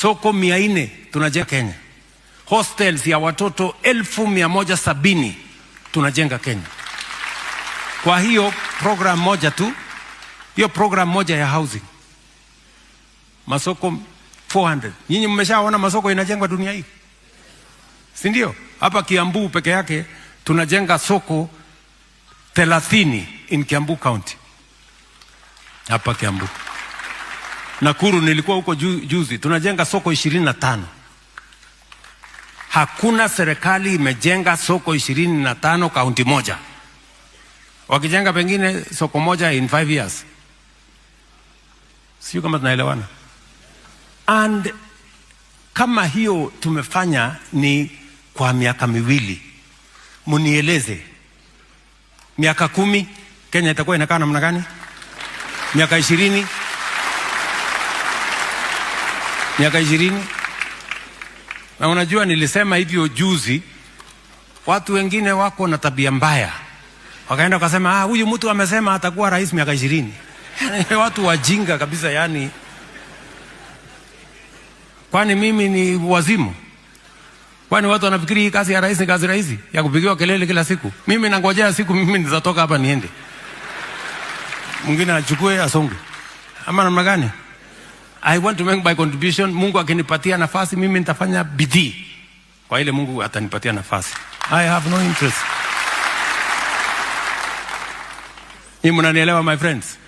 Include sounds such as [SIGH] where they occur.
soko mia nne tunajenga Kenya, hostels ya watoto elfu mia moja sabini tunajenga Kenya. Kwa hiyo program moja tu, hiyo program moja ya housing, masoko 400. Nyinyi mmeshaona masoko inajengwa dunia hii, si ndio? Hapa Kiambu peke yake tunajenga soko 30 in Kiambu County, hapa Kiambu. Nakuru nilikuwa huko ju, juzi tunajenga soko ishirini na tano. Hakuna serikali imejenga soko ishirini na tano kaunti moja, wakijenga pengine soko moja in five years. Sio kama tunaelewana? And kama hiyo tumefanya ni kwa miaka miwili, munieleze miaka kumi Kenya itakuwa inakaa namna gani? Miaka ishirini miaka ishirini. Na unajua nilisema hivyo juzi, watu wengine wako na tabia mbaya, wakaenda wakasema, ah, huyu mtu amesema atakuwa rais miaka ishirini. [LAUGHS] watu wajinga kabisa yani. Kwani mimi ni wazimu? Kwani watu wanafikiri hii kazi ya rais ni kazi rahisi ya kupigiwa kelele kila siku? Mimi nangojea siku mimi nitatoka hapa niende, mwingine achukue asonge, ama namna gani? I want to make my contribution. Mungu akinipatia nafasi mimi nitafanya bidii kwa ile Mungu atanipatia nafasi. I have no interest. Hii mnanielewa my friends?